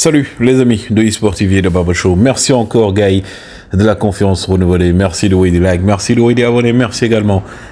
Salut les amis de eSportivier de Baba Show. Merci encore Guy de la confiance renouvelée. Merci de du like. merci de des merci également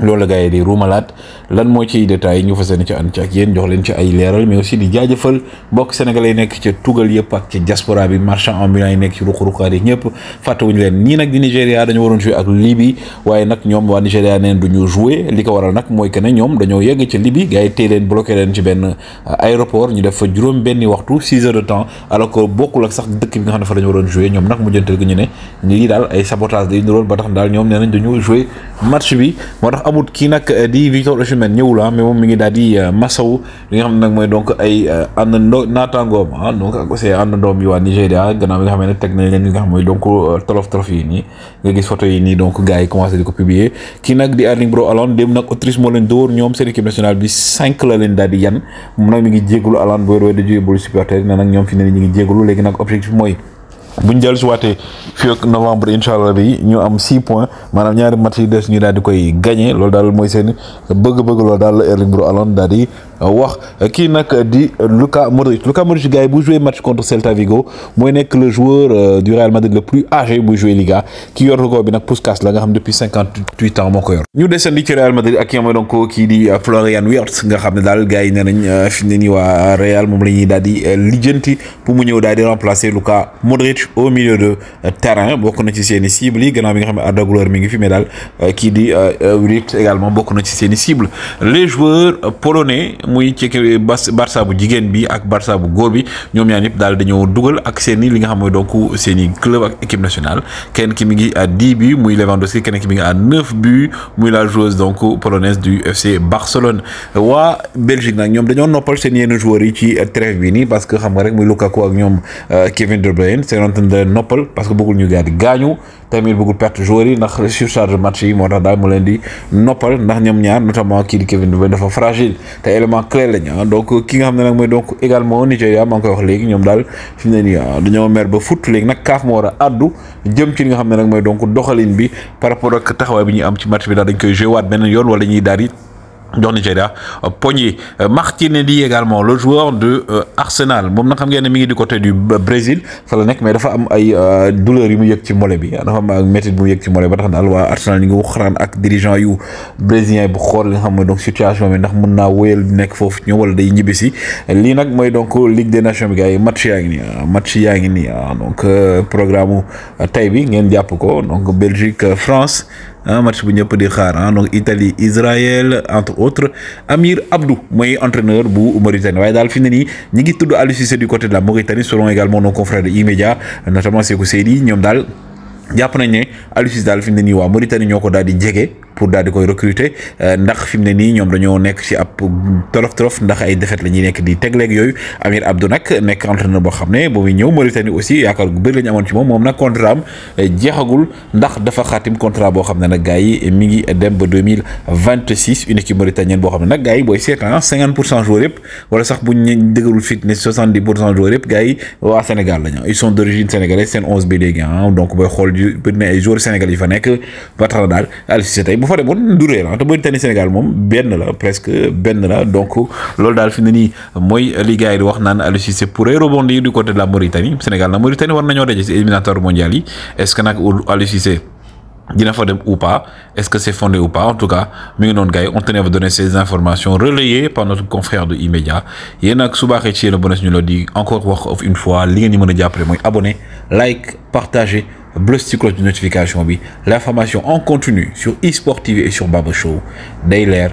loolu la gars yi di ruumalaat lan moo ciy détails ñu fas yéene ci ànd ci ak yéen jox leen ci ay leeral mais aussi di jaajëfal mbokk sénégalais yi nekk ca tugal yëpp ak ca diaspora bi marchand ambulant yi nekk ci ruq-ruqaat yi ñëpp fàttewuñu nag di Nigéria dañu waroon joué ak Libye waaye nag ñoom waa Nigéria neen du ñu joué mooy que ne ñoom dañoo yegg ca Libye gars yi téye leen bloqué leen ci benn euh, aéroport fa juróom benni waxtu six heures de temps alors que bokkul ak sax dëkk bi nga xam ne fa dañu waroon joué ñoom nag mujjantal gi ñu ne ñi daal ay sabotage dañu doon tax daal ñoom nee nañ dañu match bi moo tax amut kii nag eh, di Victor Osimhen ñëwul mais moom mi ngi daal di eh, masaw li nga xam ne nag mooy donc ay eh, àndandoo naataangoom ah donc ak aussi àndandoom yi nga xam ne teg leen li nga xam mooy donc tolof tolof yi nii nga gis photo yi nii donc gars yi commencé di ko publier kii nag di Erling Braut nag Autriche leen dóor ñoom seen équipe nationale bi cinq la leen daal di yan moom nag mi ngi jégalu Haaland booy doy di jóge bolu supporter na nag ñoom fi ne ñu ngi jégalu léegi nag objectif buñ jël dellu si waatee ak novembre inshallah bi ñu am 6 points manam ñaari match yi dess ñu daal di koy gagner lool daal moy seen bëgg-bëgg lool daal la Erling Bro Haaland daal di wax ki nak di Luka Modric Luka Modric gars bu jouer match contre Celta Vigo moy nek le joueur euh, du Real Madrid le plus âgé bu jouer Liga ki yor record bi nak Puskas la nga xam depuis 58 ans moo ko yor. ñu desandi ci Real Madrid ak ki nga xam ne donc kii di euh, Florian Wirtz nga xam ne daal gars yi nee nañ euh, fi mu ne Real moom lañuy ñuy daal di lijjanti pour mu ñëw daal di remplacer Luka Modric au milieu de terrain bokk na ci seen cible cibles yi gannaaw bi nga xam ne Arda Güler mi ngi fi mais dal euh, ki di euh, Wilit également bokk na ci seen cible les joueurs polonais muy ci Barça bu jigen bi ak Barça bu góor bi ñom ñaar ñëpp dal dañoo dugal ak seen li nga xam mooy donc seen club ak équipe nationale kenn ki mi ngi à 10 buts muy Lewandowski kenn ki mi ngi à 9 buts muy la joueuse donc polonaise du FC Barcelone wa Belgique nag ñoom dañoo noppal seen yenn joueurs yi ci trêve bi nii parce que xam nga rek muy Lukaku ak ñom euh, Kevin De Bruyne c'est xamante ni noppal parce que bëggul ñu gars yi gaañu tamit bëggul perte joueurs yi ndax surcharge match yi moo tax daal mu leen di noppal ndax ñoom ñaar notamment kii di Kevin ah. ki nga xam ne nag mooy donc également Nigeria maa ngi koy wax léegi ñoom daal fi mu ne nii ah, dañoo mer ba fut léegi nag kaaf moo war a addu jëm ci nga xam ne nag mooy donc doxalin bi par rapport ak taxawaay bi ñu am ci match bi daal dañ koy joué waat beneen yoon wala ñuy daal di dans Nigeria euh, pogné euh, Martinelli également le joueur de euh, Arsenal mom na xam ngeen ne mi ngi du côté du Brésil fa la nek mais dafa am ay douleur yu mu yek ci mollet bi dafa am ak métit bu yek ci mollet ba tax daal waa Arsenal ni ngi xaran ak dirigeant yu brésilien bu xool li nga xam donc situation bi ndax mën na wóyal nek fofu ñëw wala day ñibbisi li nak moy donc Ligue des Nations bi gars match yaa ngi ah, match yaa ngi ah, donc programme tay bi ngeen japp ko donc Belgique France ah, match bu ñëpp di xaar donc Italie Israël entre autre Amir Abdou mooy entraîneur bu Mauritanie waaye daal fi ne nii ñi ngi tudd Aliou Cissé du côté de la Mauritanie selon également nos confrères de E-Media notamment Sékou Seydi ñoom daal jàpp nañ ne Aliou daal fi mu ne nii waa Mauritanie ñoo ko daal di jege pour daal koy recruter euh, ndax fimné ni ñom dañoo nekk ci ab tolof tolof ndax ay défaite la ñuy nekk di tegleeg yooyu Amir Abdou nak nekk entraîneur bo xamné bo ba muy ñëw Mauritanie aussi yaakaar gu bëri la amon ci mom mom nak contrat am euh, jeexagul ndax dafa khatim contrat bo xamné nak gaay mi ngi dem ba 2026 une équipe mauritanienne bo xamné nak gaay boy sétan 50 ah joueur cent wala sax bu ñu dëgërul fit 70 joueur cent gaay wa gars yi waa Sénégal lañu ils sont d'origine sénégalaise seen 11 bi léegi ah donc boy xol yu bëri ay joueurs sénégalais fa nekk ba dal na daal Aliou bu fa demoon du réer ah te Mauritanie Sénégal mom bien presque ben la donc lol d'alphine fi ni les li gars di wax nan Aliou pour pourrait rebondir du côté de la Mauritanie Sénégal la Mauritanie war nañu dajé si éliminatoire mondial est-ce que nak Aliou Cissé dina fa dem ou pas est-ce que c'est fondé ou pas en tout cas mi ngi non gars on tenait à vous donner ces informations relayées par notre confrère de immédiat et n'a que su baaxee ci le bonus ñu la di encore wax une fois li ngeen ñu mën abonné like partager bleu cyclos de notification oui l'information en continu sur eSport TV et sur babo Show Dailer